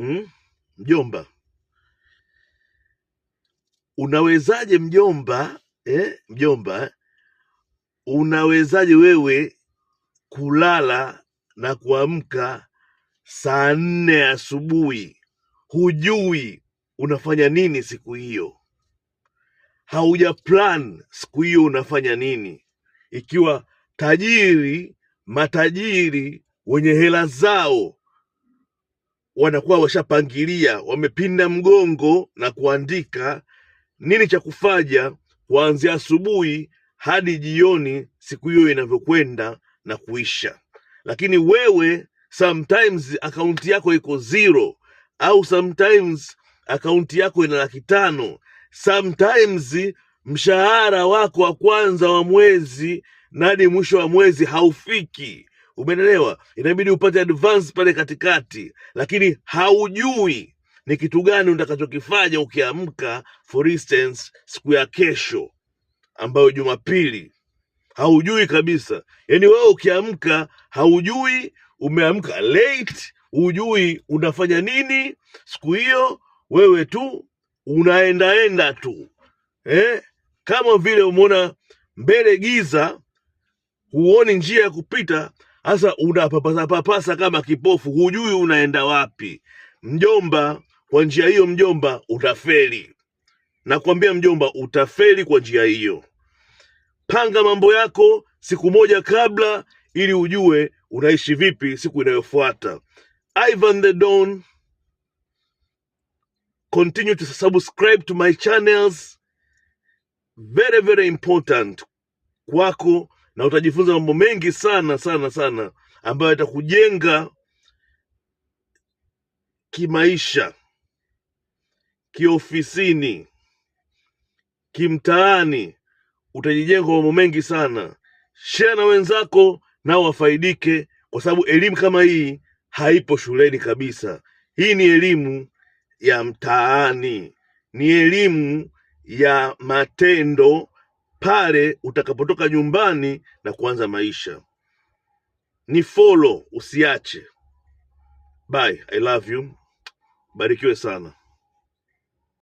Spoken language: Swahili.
Hmm? Mjomba, unawezaje mjomba eh? Mjomba, unawezaje wewe kulala na kuamka saa nne asubuhi, hujui unafanya nini siku hiyo, hauja plan siku hiyo unafanya nini, ikiwa tajiri matajiri wenye hela zao wanakuwa washapangilia, wamepinda mgongo na kuandika nini cha kufanya kuanzia asubuhi hadi jioni, siku hiyo inavyokwenda na kuisha. Lakini wewe sometimes akaunti yako iko zero, au sometimes akaunti yako ina laki tano, sometimes mshahara wako wa kwanza wa mwezi na hadi mwisho wa mwezi haufiki. Umenelewa? Inabidi upate advance pale katikati, lakini haujui ni kitu gani utakachokifanya ukiamka, for instance, siku ya kesho ambayo Jumapili, haujui kabisa. Yani wewe ukiamka haujui umeamka late, hujui unafanya nini siku hiyo, wewe tu unaendaenda tu eh? Kama vile umeona mbele giza, huoni njia ya kupita sasa unapapasa papasa kama kipofu, hujui unaenda wapi. Mjomba, kwa njia hiyo mjomba, utafeli. Nakwambia mjomba, utafeli kwa njia hiyo. Panga mambo yako siku moja kabla, ili ujue unaishi vipi siku inayofuata. Ivan the Don, continue to subscribe to my channels, very very important kwako na utajifunza mambo mengi sana sana sana ambayo yatakujenga kimaisha, kiofisini, kimtaani. Utajijenga mambo mengi sana. Share na wenzako nao wafaidike, kwa sababu elimu kama hii haipo shuleni kabisa. Hii ni elimu ya mtaani, ni elimu ya matendo pale utakapotoka nyumbani na kuanza maisha. Ni follow, usiache. Bye, I love you. Barikiwe sana.